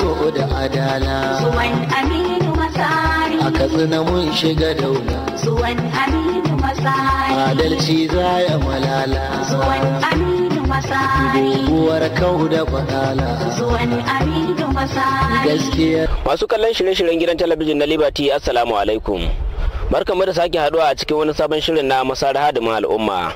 zo da adala zuwan aminu masari a na mun shiga daula zuwan aminu masari adalci za ya malala zuwan aminu masari doguwar kau da fadala zuwan aminu masari gaskiya masu kallon shirye-shiryen gidan talabijin na liberty assalamu alaikum barkamu da sake haduwa a cikin wani sabon shirin na masaraha da al'umma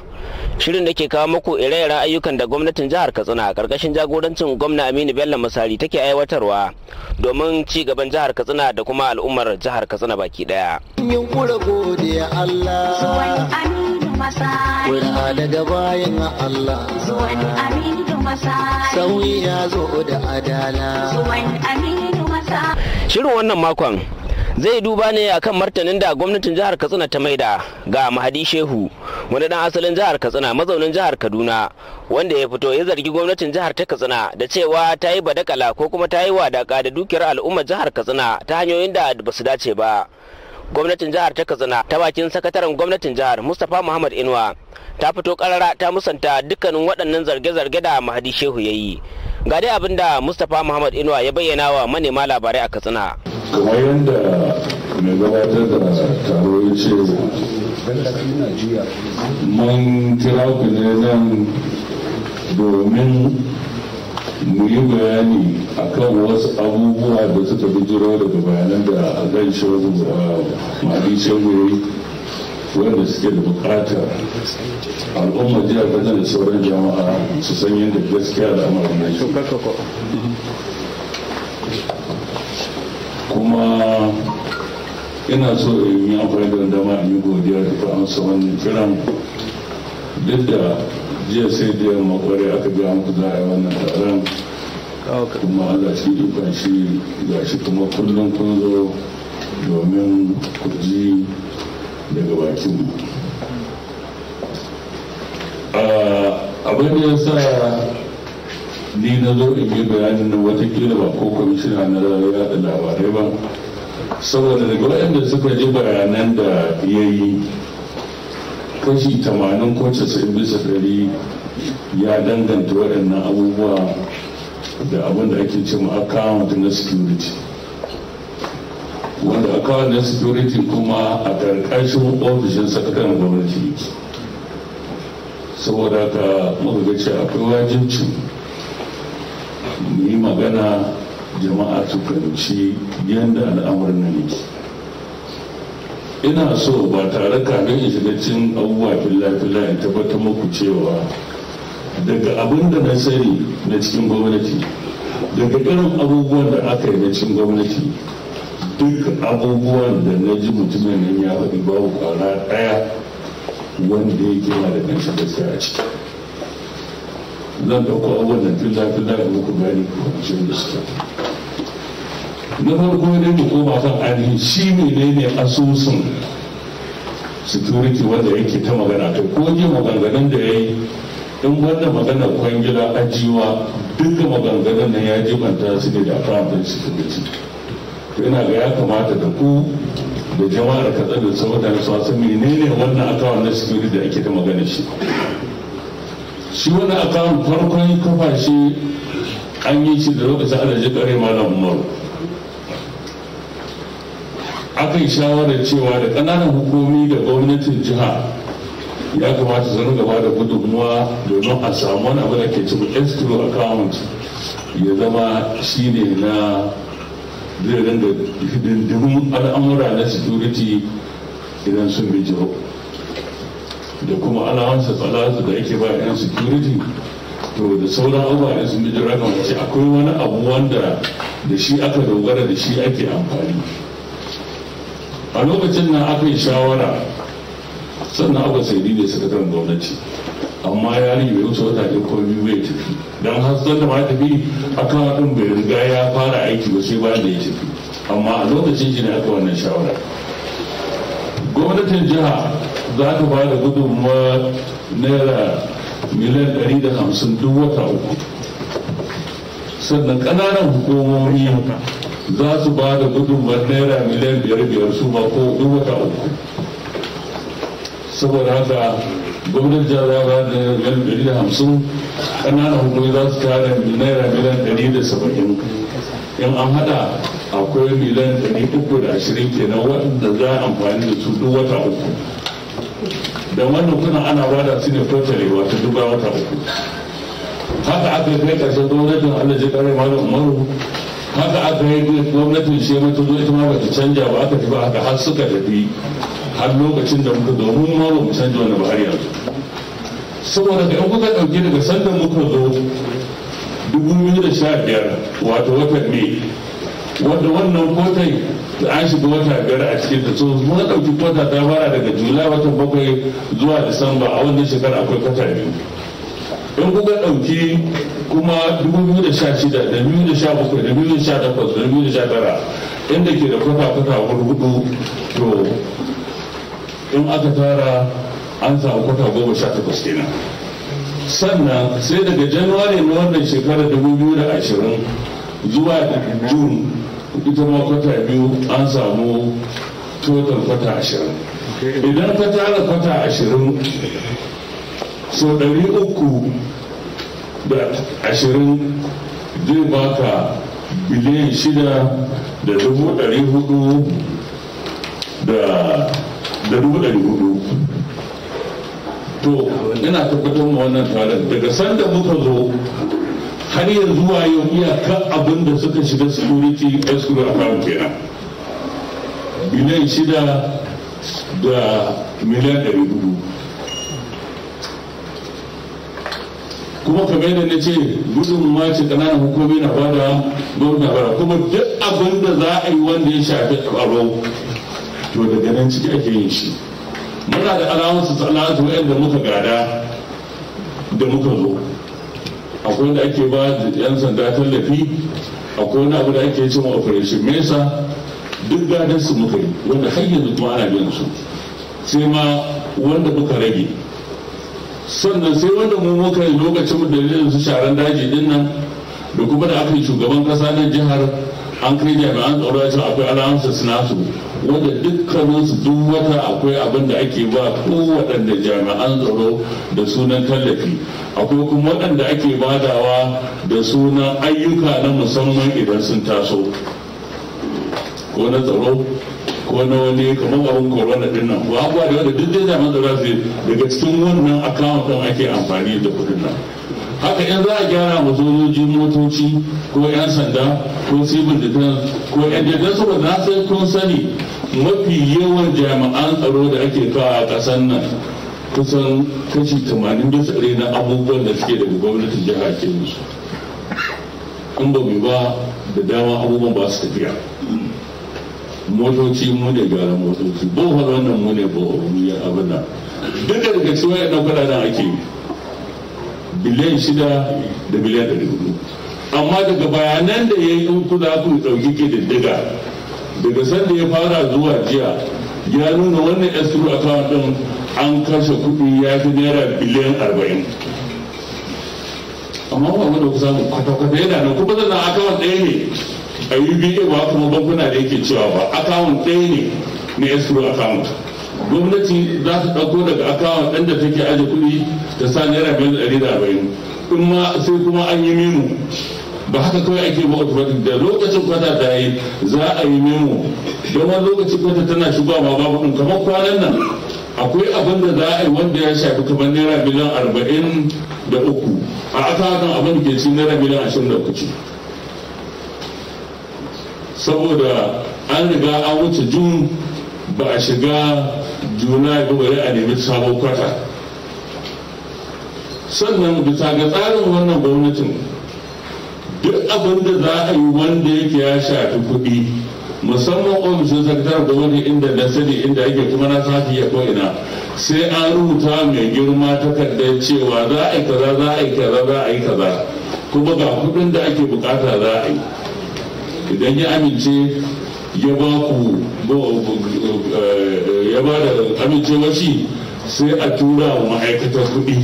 shirin da ke kawo muku ire-iren ayyukan da gwamnatin jihar katsina a karkashin jagorancin gwamna aminu bello masari take aiwatarwa domin ci gaban jihar katsina da kuma al'ummar jihar katsina baki daya Shirin wannan makon zai duba ne akan martanin da gwamnatin jihar katsina ta maida ga mahadi shehu wani dan asalin jihar katsina mazaunin jihar kaduna wanda ya fito ya zargi gwamnatin jihar ta katsina da cewa ta yi badakala ko kuma ta yi wadaka da dukiyar al'ummar jihar katsina ta hanyoyin da ba su dace ba gwamnatin jihar ta katsina ta bakin sakataren gwamnatin jihar mustapha muhammad inuwa ta fito karara ta musanta dukkanin waɗannan zarge-zarge da mahadi shehu ya yi ga dai abin da mustapha muhammad inuwa ya bayyana wa manema labarai a katsina kamar yadda mai gabatar da taro ya ce mun kira ku ne nan domin muyi yi bayani akan wasu abubuwa da suka bijiro daga bayanan da a gan shogun ma'adishin wanda suke da bukatar al'ummar ta da sauran jama'a su san yadda gaskiya da amurka kuma ina so in yi amfani da dama in yi godiya da ta amsa wannan kiran duk da jiya sai da yamma kwarai aka biya muku za a yi wannan taron kuma Allah shi dukkan shi ga shi kuma kullum kun zo domin ku daga bakin mu ah, abin da ya sa ni na zo in yi bayanin nan watakila ba ko kwamishina na da labarai ba saboda daga waɗanda suka ji bayanan da ya yi kashi 80 ko 90 bisa ɗari ya danganta waɗannan abubuwa da abin da ake cewa account na security wanda account na security kuma a ƙarƙashin ofishin sakataren gwamnati saboda ka muka ga akwai wajibci yi magana jama'a su fahimci yadda al'amarin nan yake ina so ba tare ka in shiga cin abubuwa fila-fila in tabbatar muku cewa daga abin da na sani na cikin gwamnati daga irin abubuwan da aka yi na cikin gwamnati duk abubuwan da na ji mutumin nan ya faɗi babu kwana ɗaya wanda ya gina da kansa gaskiya a ciki zan dauka wannan filla filla da muku bayani kwamfashin lista na farko dai mu koma kan ainihi shi ne ne asusun security wanda yake ta magana kai ko je maganganun da ya yi in wannan maganar kwangila ajiwa duka maganganun nan ya jibanta su ne da prime security to ga ya kamata da ku da jama'ar katsar da sauran su wasu menene wannan akawun na security da ake ta magana shi shi wani akawun farkon kafa shi an yi shi da lokacin alhaji kare malam a aka yi shawarar cewa da ƙananan hukumi da gwamnatin jiha ya kamata su gaba da gudunmuwa domin a samu wani abu da ke cin escrow account ya zama shi ne na zai rinda dindindin al'amura na security idan sun bi jiro da kuma alawansa tsalasu da ake ba yan security to da sauran abubuwa sun ji rakan wace akwai wani abu wanda da shi aka dogara da shi ake amfani a lokacin nan aka yi shawara sannan aka sai ne sakataren gwamnati amma yaron bai wuce wata ɗin ko biyu bai tafi don har san da ma tafi kan haɗin bai riga ya fara aiki ba sai bayan da ya tafi amma a lokacin shi ne aka wannan shawara gwamnatin jiha za ta ba da gudunmawar naira miliyan 150 duk wata uku sannan ƙananan hukumomi za su ba da gudunmawar naira miliyan biyar biyar su ma ko duk wata uku saboda haka gwamnatin jihar ba da miliyan ɗari da hamsin ƙananan hukumomi za su tara naira miliyan ɗari da saba'in in an haɗa akwai miliyan ɗari uku da ashirin kenan waɗanda za a amfani da su duk wata uku da wannan kudin ana wada su ne totally wato duk wata uku haka aka yi kai karshen gwamnatin allah ji karar malam umaru haka aka yi gwamnatin shi mai tuzo ita ma ba ta canja ba aka ba haka har suka tafi har lokacin da muka domin ma ba mu canja wani ba har yanzu saboda da yan kuka ɗauki daga sandan muka zo dubu biyu da sha biyar wato watan ne wanda wannan kotai Da an shiga wata biyar a cikin ta so mun ɗauki kwata ta fara daga jula watan bakwai zuwa disamba a wannan shekara akwai kwata biyu in kuka ɗauki kuma 2016 da 2017 da da 2019 inda ke da kwata-kwata hudu to in aka tara an samu kwata goma sha takwas kenan sannan sai daga januwari na wannan shekarar 2020 zuwa june ita ma kwata biyu an samu total kwata ashirin idan ka tara kwata ashirin so ɗari uku da ashirin zai baka biliyan shida da dubu ɗari hudu da dubu ɗari hudu to ina tabbatar ma wannan taron daga sanda muka zo har yanzu wayo yau iyaka abin da suka shiga security escrow account kenan miliyan shida da miliyan ɗari hudu kuma kamar da na ce gudun mace ƙananan hukumomi na bada gwamna bara kuma duk abin da za a yi wanda ya shafi tsaro to daga nan ciki ake yin shi muna da alawansu sana'atu da muka gada da muka zo akwai da ake ba yan sanda tallafi akwai wani abu da ake cewa operation mesa duk gadon su muka yi wanda har yanzu kuma ana biyan su sai ma wanda muka rage sannan sai wanda mu muka yi lokacin da yanzu sharan daji din nan da kuma da aka yi shugaban kasa na jihar an kai jami'an tsaro ya ce akwai alamansu nasu wanda dukkanin su duk wata akwai abin da ake ba ko waɗanda jami'an tsaro da sunan tallafi akwai kuma waɗanda ake badawa da sunan ayyuka na musamman idan sun taso ko na tsaro ko na wani kamar abin korona din nan ba abuwa da wanda duk jami'an tsaro daga cikin wannan akawun ake amfani da kuɗin nan haka in za a gyara wa sojojin motoci ko 'yan sanda ko civil defense ko 'yan jirgin ba na sai kun sani mafi yawan jami'an tsaro da ake kawo a ƙasar nan kusan kashi tamanin da tsare na abubuwan da suke daga gwamnatin jiha ke musu in ba ba da dama abubuwan ba su tafiya motoci mu ne gara motoci bohol wannan mu ne bohol mu ya abin nan duk da daga cikin wayan kudaden ake yi biliyan shida da biliyan ɗari hudu amma daga bayanan da ya yi in kuna ku ɗauki diddiga daga sanda ya fara zuwa jiya ya nuna wannan escrow account ɗin an kashe kuɗi ya fi naira biliyan arba'in amma ba mu da ku samu kwata-kwata yana nan kuma zana akawun ɗaya ne a uba ba kuma bankuna da yake cewa ba akawun ɗaya ne na escrow account gwamnati za ta ɗauko daga akawun ɗan da take aje kuɗi ta sa naira da ɗari da arba'in in ma sai kuma an yi mimu ba haka kawai ake ba automatic da lokacin kwata ta yi za a yi mimu don wani lokacin kwata tana shigowa babu ɗin kamar kwanan nan akwai abin da za a yi wanda ya shafi kamar naira miliyan arba'in da uku a aka hakan abin da ke ci naira miliyan ashirin da uku saboda an riga an wuce jun ba a shiga juna ba bari a nemi sabon kwata sannan bisa ga tsarin wannan gwamnatin duk abin da za a yi wanda yake ya shafi kuɗi musamman ofishin sakatar gwamnati inda na sani inda ake kuma na safi ya ko'ina sai an rubuta mai girma takardar cewa za a yi kaza za a yi kaza za a yi kaza kuma ga kuɗin da ake bukata za a yi idan ya amince ya ba ku eh, ya ba da amincewa shi sai a tura wa ma'aikatar kuɗi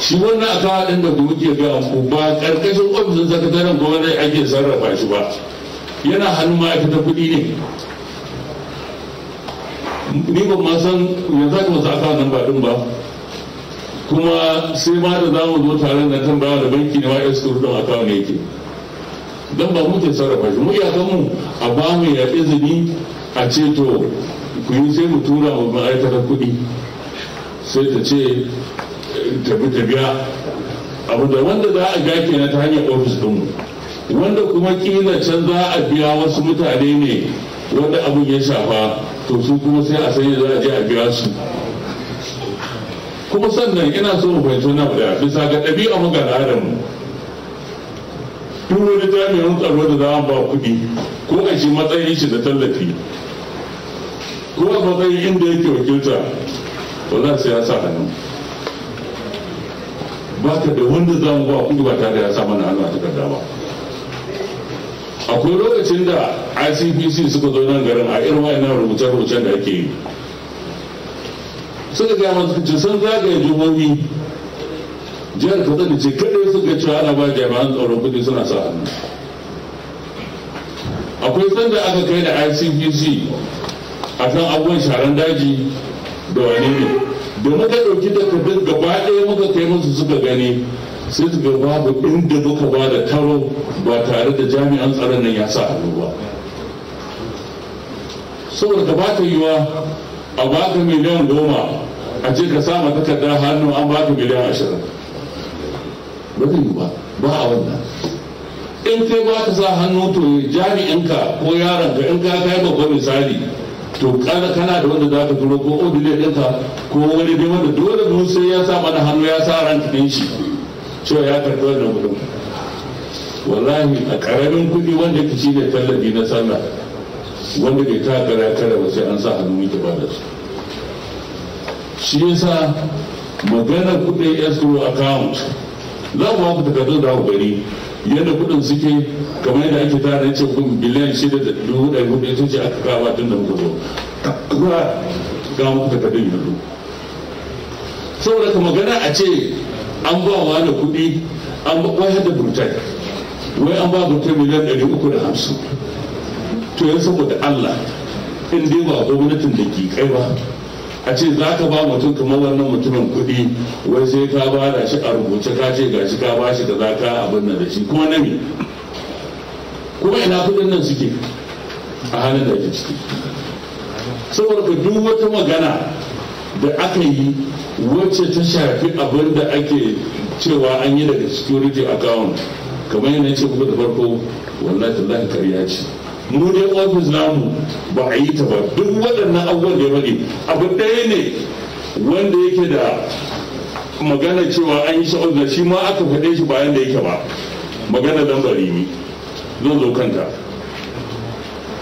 shi wannan ta haɗin da ke ga ku ba ƙarƙashin ofishin sakataren gwamnati ake sarrafa shi ba yana hannun ma'aikata kuɗi ne ni ban ma san me za ka masa akawa nan ba ɗin ba kuma sai ma da za mu zo tare da tambaya da banki na ma'aikata suka rudin akawa ne yake don ba muke sarrafa shi mu mu a ba mu ya izini a ce to ku yi sai mu tura wa ma'aikatar kuɗi sai ta ce tafiya abu da wanda za a ga kenan ta hanyar ofis ɗinmu wanda kuma kila can za a biya wasu mutane ne wanda abin ya shafa to su kuma sai a sanya za a je a biya su kuma sannan ina so mu fahimci na da bisa ga ɗabi'a mu da mu duk wani jami'in tsaro da za a ba kuɗi ko a shi matsayin shi da tallafi ko a matsayin inda yake wakilta wannan sai ya sa hannu ba ka da wanda za mu ba kuɗi ba tare da ya sa mana Allah a takarda ba akwai lokacin da icpc suka zo nan garin a irin wayannan rubuce-rubucen da ake yi suka gaya masu kuce sun zagaye jihohi jihar da ce kadai suka cewa ana ba jami'an tsaron kudi suna sa hannu akwai sanda aka kai da icpc a kan abubuwan sharan daji da wani ne da muka ɗauki takardun gaba ɗaya muka kai musu suka gani sai su ga babu inda muka ba da karo ba tare da jami'an tsaron nan ya sa hannu ba saboda ba ta yiwa a baka miliyan goma a ce ka sama takardar hannu an baka miliyan ashirin ba ta yi ba ba a wannan in kai ba ka sa hannu to jami'inka ko yaronka in ka kai babban misali to kana da wanda zata ka turo ko odile ɗinka ko wani dai wanda dole mu sai ya sa mana hannu ya sa ran ɗin shi cewa ya karɓi wannan kuɗin wallahi a ƙaramin kuɗi wanda ka ci da tallafi na sallah wanda bai ta kara kara ba sai an sa hannu muke ba da su shi yasa maganar kuɗin escrow account Zan ba ku takardun da gari yadda kudin suke kamar yadda ake tara yace kun biliyan shida da dubu ɗaya hudu ya ce aka kawo tun da muka zo kuma ga muku takardun yanzu saboda ka magana a ce an ba wa da kudi an ba wai da burtai wai an ba burtai miliyan ɗari uku da hamsin to yanzu saboda allah in dai ba gwamnatin da ke kai ba a ce za ka ba mutum kamar wannan mutumin kuɗi wai sai ka ba da shi a rubuce ka ce shi ka ba shi da za ka abin da shi kuma na me kuma ina kuɗin nan suke a halin da ake ciki saboda ka duk wata magana da aka yi wacce ta shafi abin da ake cewa an yi daga security account kamar yana ce kuma da farko wallahi tallahi karya ce mu dai ofis namu ba a yi ta ba duk waɗannan abubuwan da ya faɗi abu ɗaya ne wanda yake da magana cewa an yi sha'ar da shi ma aka faɗe shi bayan da yake ba magana lambari ne zo zo kanta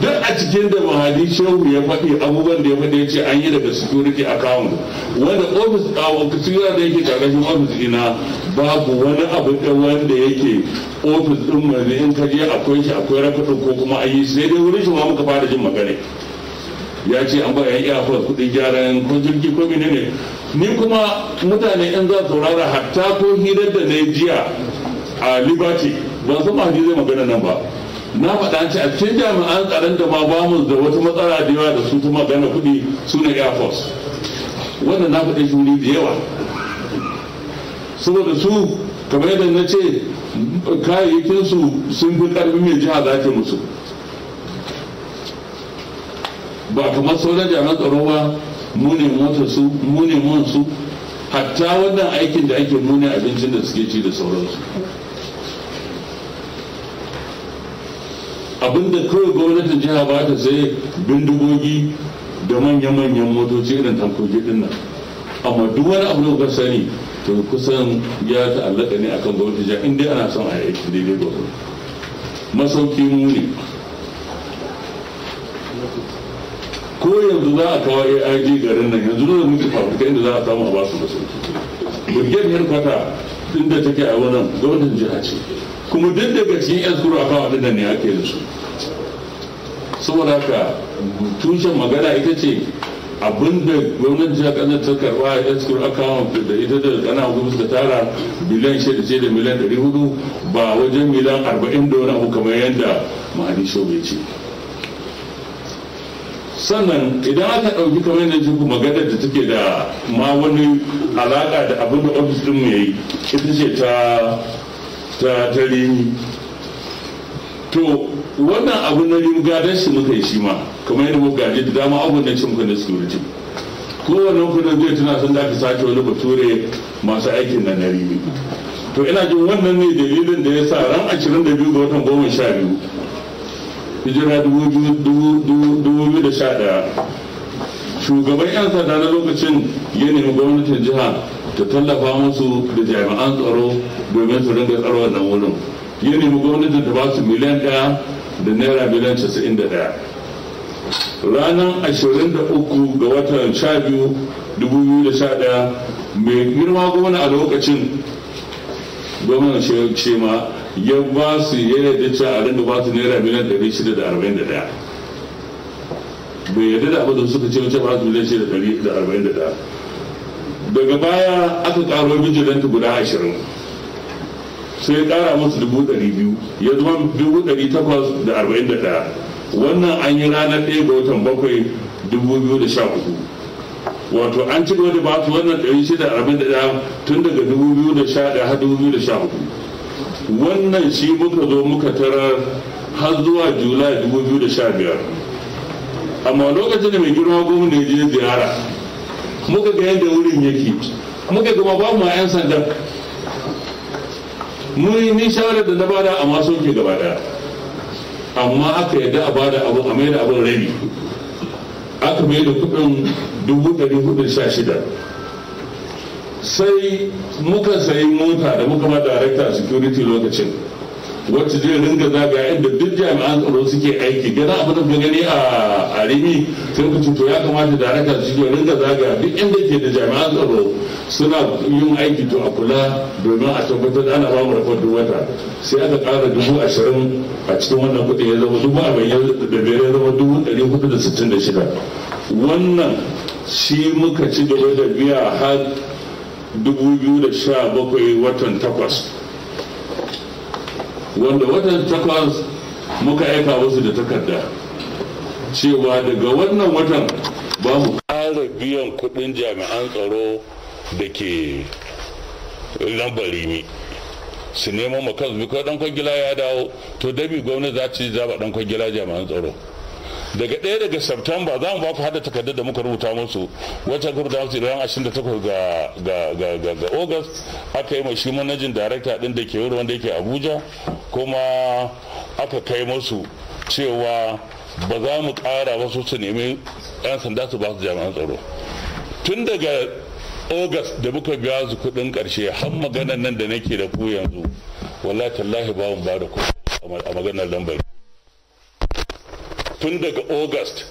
duk a cikin da mahadi shehu ya faɗi abubuwan da ya faɗi ya ce an yi daga security account wanda ofis a security da yake karkashin ofis ina babu wani abu da wanda yake ofis ɗin mazi in ka je akwai shi akwai ko kuma ayi yi sai dai wurin shi ma muka fara jin magana ya ce an bayan iya fas kudin gyaran ko jirgi ko mene ne ni kuma mutane in za saurara hatta ko hirar da na jiya a liberty ban mahadi zai magana nan ba na faɗa ci a cikin jami'an tsaron da ma ba mu da wata matsala da yawa da su ta magana kuɗi su ne air force wannan na faɗi shuri da yawa saboda su kamar yadda na ce kayayyakinsu sun fi ƙarfi mai jiha za ta musu ba kamar sauran jami'an tsaro ba mu ne su mu ne hatta wannan aikin da ake muni abincin da suke ci da sauransu abinda kawai gwamnatin jiha ba ta sai bindigogi da manya-manyan motoci irin tankoki din nan amma duk wani abu da sani to kusan ya ta'allaka ne akan gwamnatin jiha inda ana son a yi daidai gwamnati masauki mu ne ko yanzu za a kawo aig garin nan yanzu da muke fafuta inda za a samu a basu masauki burgen kwata inda take a wannan gwamnatin jiha ce kuma duk da cikin yan zuru akan da ne ake da su saboda haka tushen magana ita ce abinda gwamnati jihar ƙasar ta karba yan zuru account da ita da kana hukumar da tara biliyan shida ce da miliyan ɗari hudu ba wajen miliyan arba'in da wani abu kamar yadda mahadi bai ce sannan idan aka ɗauki kamar yadda jirgin magana da take da ma wani alaƙa da abin da ofis ɗin mai ita ce ta ta ta rini to wannan abu na rimi gadon shi muka yi shi ma kamar yadda muka gaji da dama abu na cin kudin security kowane kudin zai tuna sun da aka sace wani bature masu aikin na rini to ina jin wannan ne dalilin da ya sa ran 22 ga watan goma sha biyu hijira 2011 shugaban 'yan sanda na lokacin ya nemi gwamnatin jiha ta tallafa musu da jami'an tsaro domin su ringa tsaro wannan wurin ya nemi gwamnatin ta ba su miliyan ɗaya da naira miliyan casa'in da ɗaya ranar ashirin da uku ga watan sha biyu dubu biyu da sha ɗaya mai girma gwamna a lokacin gwamnan ma ya ba su ya yadda cewa a rinda ba su naira miliyan dari shida da arba'in da ɗaya bai yadda da abin suka ce wace ba su miliyan shida da arba'in da ɗaya daga baya aka karo bijilanta guda ashirin sai ya ƙara musu dubu ɗari biyu ya zama dubu ɗari takwas da arba'in da ɗaya wannan an yi ranar ɗaya ga watan bakwai dubu biyu da sha hudu wato an ci gaba da ba su wannan ɗari shida arba'in da ɗaya tun daga dubu biyu da sha ɗaya har dubu biyu da sha hudu wannan shi muka zo muka tarar har zuwa julai dubu biyu da sha biyar amma lokacin da mai girma gwamna ya je ziyara muka ga yadda wurin yake muka gaba ba mu 'yan sanda. mun ni shawarar da na bada a maso ke gaba daya amma aka yadda a bada abu a mai da abin rabi aka mai da kudin dubu ɗari hudu sha shida sai muka sayi mota da muka ba darakta security lokacin wacce zai ringa zagaya inda duk jami'an tsaro suke aiki gana abu da gani a rimi sai ku cuto ya kamata da haraka su ke ringa zagaya duk inda ke da jami'an tsaro suna yin aiki to a kula domin a tabbatar da ana bamu rafar duk wata sai aka kara dubu ashirin a cikin wannan kuɗi ya zama dubu arba'in da biyar ya zama dubu ɗari hudu da sittin da shida wannan shi muka ci gaba da biya har dubu biyu da sha bakwai watan takwas wanda watan takwas muka aika wasu da takarda cewa daga wannan watan ba mu ƙara biyan kuɗin jami'an tsaro da ke lambari ne su neman makansu kwa ɗan kwangila ya dawo to dabi gwamnati za ci zaba ɗan kwangila jami'an tsaro daga ɗaya daga September za mu ba ku hada takardar da muka rubuta musu wacce aka rubuta musu ran 28 ga ga ga ga August aka yi shi manajin director din da ke wurin wanda yake Abuja kuma aka kai musu cewa ba za mu ƙara wasu su nemi 'yan sanda su ba su jami'an tsaro tun daga august da muka biya su kuɗin karshe har maganar nan da nake da ku yanzu wallahi tallahi ba mu ba da ku a maganar lambari. tun daga august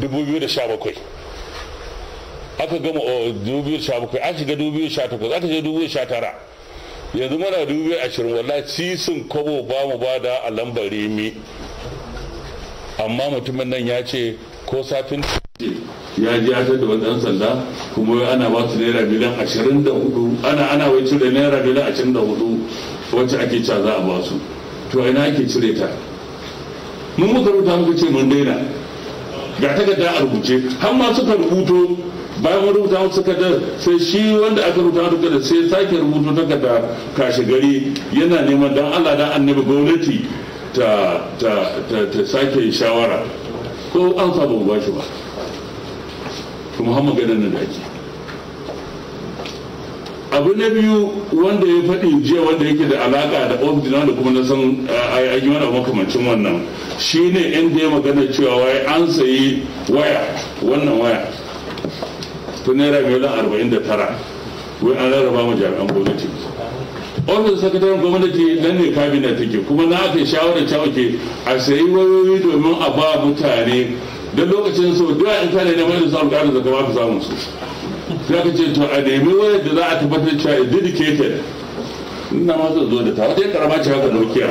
2017 aka gama 2017 a shiga 2018 aka shiga 2019 yanzu mana 2020 wallahi sisin kobo ba mu ba da a lambar remi amma mutumin nan ya ce ko safin ya ji ya da wajen sanda kuma ana ba su naira miliyan ashirin da hudu ana ana wai cire naira miliyan ashirin da hudu wacce ake caza a ba su to ina ake cire ta mun muka rubuta muka ce mun daina ga da a rubuce har ma suka rubuto bayan wani rubuta suka da sai shi wanda aka rubuta da sai sake rubuto takarda kashi gari yana neman dan Allah dan annabi gwamnati ta ta ta sake shawara ko an samu ba shi ba to Muhammad maganar nan da ake abu na biyu wanda ya faɗi jiya wanda yake da alaka da ofis da kuma na san eh, a yi wani makamancin wannan shi ne inda ya magana cewa wai an sayi waya wannan waya ta naira miliyan arba'in da tara wai an rarraba ma jami'an gwamnati ofis sakataren gwamnati nan ne kabinet take kuma na aka shawarar ta ke a sayi wayoyi domin a ba mutane don lokacin so duwa in kare ne mai samun karin zaka ba ka samun su Ya ka ce to a nemi wayar da za a tabbatar cewa dedicated ina ma zo da ta wata karama ce haka nokia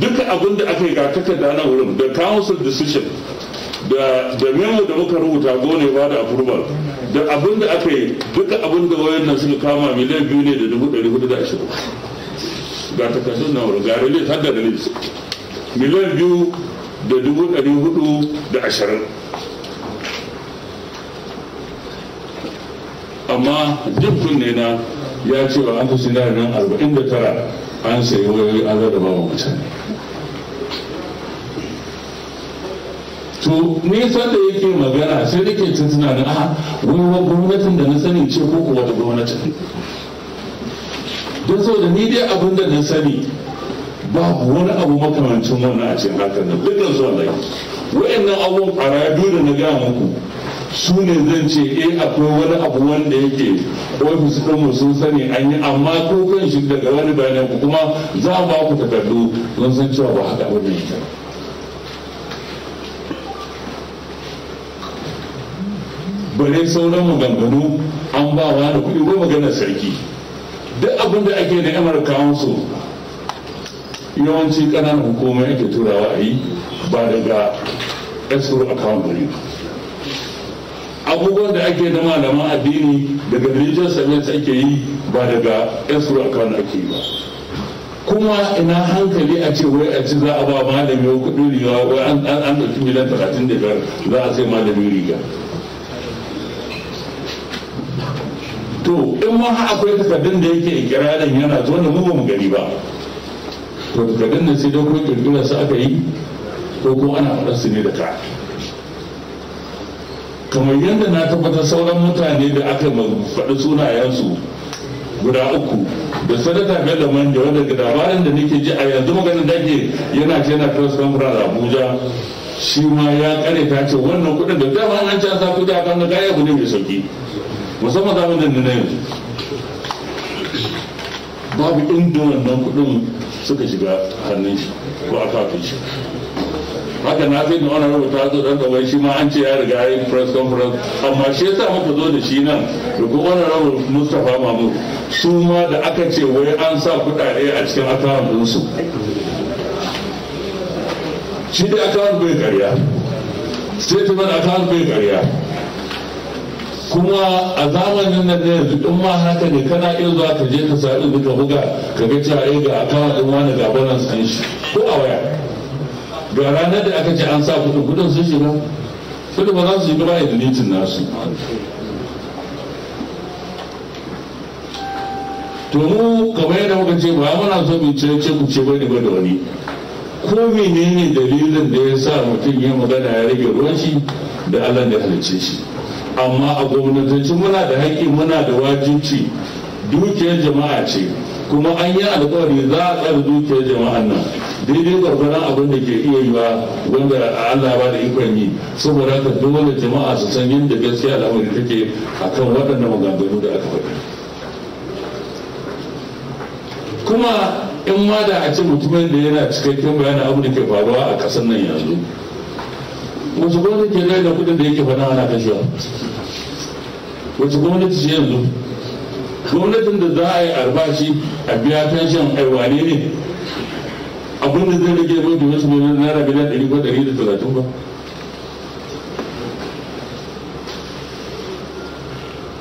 duka abin da aka yi ga da na wurin da council decision da da memo da muka rubuta gone ba da approval da abin da aka yi duka abin da wayan nan suka kama miliyan biyu ne da dubu ɗari hudu da ashirin ga takardun na wurin ga release har da release miliyan biyu da dubu ɗari hudu da ashirin amma duk kunne na ya ce ba an fi sinadarin arba'in da tara an sayi wayoyi an rarraba wa mutane to nisan da yake magana sai nake cin tunanin aha, wani gwamnatin da na sani ce ko kuwa da gwamnatin don saboda ni dai abin da na sani babu wani abu makamancin wannan a cikin hakan nan dukkan su Allah wa'annan abubuwan ƙwararru da na gaya muku su ne zan ce eh akwai wani abu wanda yake ofis mu sun sani an yi amma ko kan shi daga wani bayanan kuma za a ba ku takardu don san cewa ba haka abin da yake bare sauran maganganu an ba wa da kuɗi ko maganar sarki duk abin da ake da amurkawan su yawanci ƙananan hukumar ake turawa a yi ba daga escrow account ne abubuwan da ake da malaman addini daga religious service ake yi ba daga escrow account ake yi ba kuma ina hankali a ce wai a ci za a ba malami kuɗin riga wai an ɗauki miliyan talatin da biyar za a sai malami riga to in ma akwai takardun da yake ikirarin yana zuwa da mu ba mu gani ba to takardun nan sai dokokin kirkira su aka yi ko ko ana faɗar ne da ka kamar yadda na tabbata sauran mutane da aka faɗi sunayensu guda uku da da bello manja wanda ga labarin da nake ji a yanzu maganin da ke yana ce yana press conference abuja shi ma ya kare ta ce wannan kuɗin da dama an ci za sa kuɗi a kan kaya ne mai sauki musamman sama da na yanzu babu inda wannan kudin suka shiga hannun shi ko aka fi shi haka na sai da wani rubuta su dan da shi ma an ce ya riga yin press conference amma shi yasa muka zo da shi nan da kuma wani rubuta Mustapha mamu su ma da aka ce wai an sa kudade a cikin account din shi dai account bai karya statement account bai karya kuma a zamanin nan da yanzu in ma haka ne kana iya zuwa ka je ka sadu ka buga ka ga cewa ai eh, ga akawa din wani ga balance din shi ko a waya ga ranar da aka ce an sa kudin kudin sun shiga kudin ba za su shiga ba a litin nasu to mu kamar yadda muka ce ba muna so mu ce ce ku ce bane ba da wani ko menene dalilin da ya sa mutum ya magana ya rage ruwan shi da Allah ya halicce shi amma a gwamnatanci muna da haƙƙi muna da wajibci dukiyar jama'a ce kuma an yi alkawari za a tsara dukiyar jama'a nan daidai gwargwaron abin da ke iya yiwa wanda Allah ba da ikon yi saboda ka dole jama'a su san yadda gaskiya al'amari take akan waɗannan maganganu da aka faɗi kuma in ma da a ce mutumin da yana cikakken bayanin abin da ke faruwa a ƙasar nan yanzu wasu gwamnati ke bai da kudin da yake faɗa ana kashewa wasu gwamnati ce yanzu gwamnatin da za a yi albashi a biya fenshin aiwane ne abin da zai rage mai da wasu gwamnati na rabina na ɗari ko ɗari da talatin ba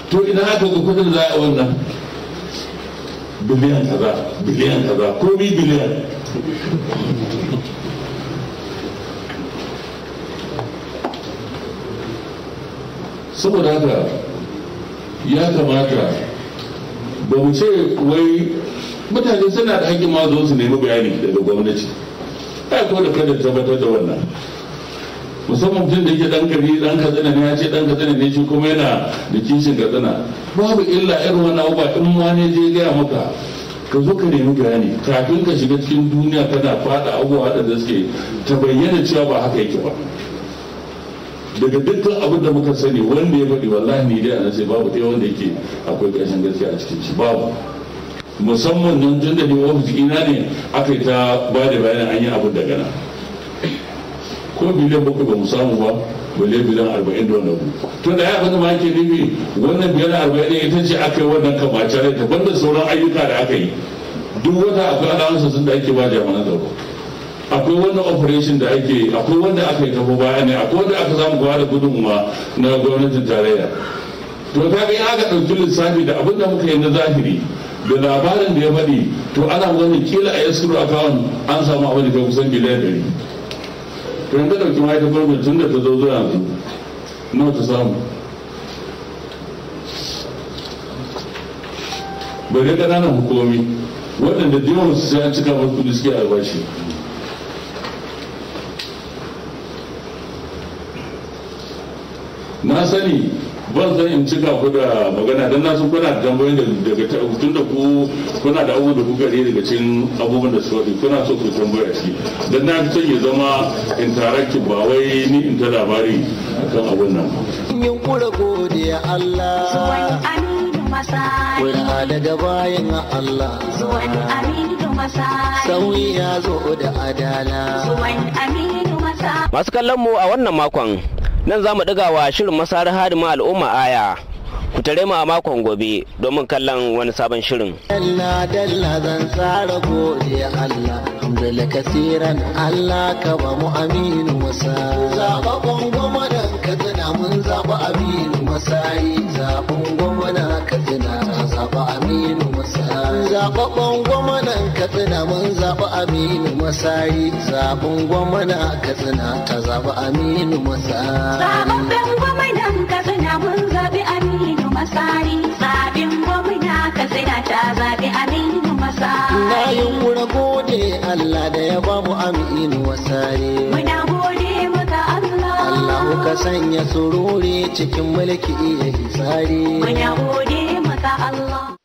to idan aka ga kudin za a yi wannan biliyan kaza biliyan kaza komi biliyan saboda haka ya kamata ba mu ce wai mutane suna da hakkin ma su nemi bayani daga gwamnati ya ko da kada tabbatar da wannan musamman mutum da yake ɗan gari dan katsina ne ya ce dan katsina ne shi kuma yana da kishin katsina babu illa irin wannan ba in ma ne je gaya maka ka zo ka nemi bayani kafin ka shiga cikin duniya kana fada abubuwa da suke ta bayyana cewa ba haka yake ba daga dukkan abin da muka sani wanda ya faɗi wallahi ni dai a sai babu ɗaya wanda yake akwai ƙarshen gaskiya a cikin shi babu musamman nan tun da ne wasu ina ne aka yi ta ba da bayanin an yi abin da gana ko biliyan bakwai ba mu samu ba bale biliyan arba'in da wannan to da ya faɗi ma yake nufi wannan biliyan arba'in ne ita ce aka yi wannan kamar rai ta banda sauran ayyuka da aka yi duk wata akwai al'ansa sun da ake ba jami'an tsaro akwai wannan operation da ake akwai wanda aka yi tafi baya ne akwai wanda aka samu ba da ma na gwamnatin tarayya to ga ya ga ɗauki lissafi da abin da muka yi na zahiri da labarin da ya faɗi to ana wani kila a yasuru account an samu abin da kusan biliyan ɗari to yanzu ɗauki ma'aikatar gwamnati tun da ta zo zuwa yanzu nawa ta samu bare ƙananan hukumi waɗanda jiwon su sai an cika masu kudi suke albashi na sani ban zan in cika ku da magana don nasu kuna da tambayoyin daga tun da ku kuna da abubuwan da ku gare daga cikin abubuwan da suka kuna so ku tambaya shi don na fi ya zama interactive ba wai ni in ta labari kan abun nan. Yin kura godiya Allah. bayan Allah. Sauyi ya zo da adala. Masu kallon mu a wannan makon nan za mu ɗiga wa shirin masarar hadima al'umma aya ku tare mu a makon gobe domin kallon wani sabon shirin. Dalla dalla zan tsara gode Allah. alhamdulillah kasiran Allah ka ba mu aminu masai zababban gwamnan katsina mun zaba aminu masai zababban gwamnan katsina zaba aminu masai zababban gwamnan katsina mun zaba aminu masai zababban gwamnan katsina ta zaba aminu masai zababban gwamnan katsina mun zabi aminu masai zabin gwamna katsina ta zabi aminu na yi mura gode Allah da ya babu aminu wasare muna gode maka Allah Allah ka sanya sururi cikin mulki iya hisari muna gode maka Allah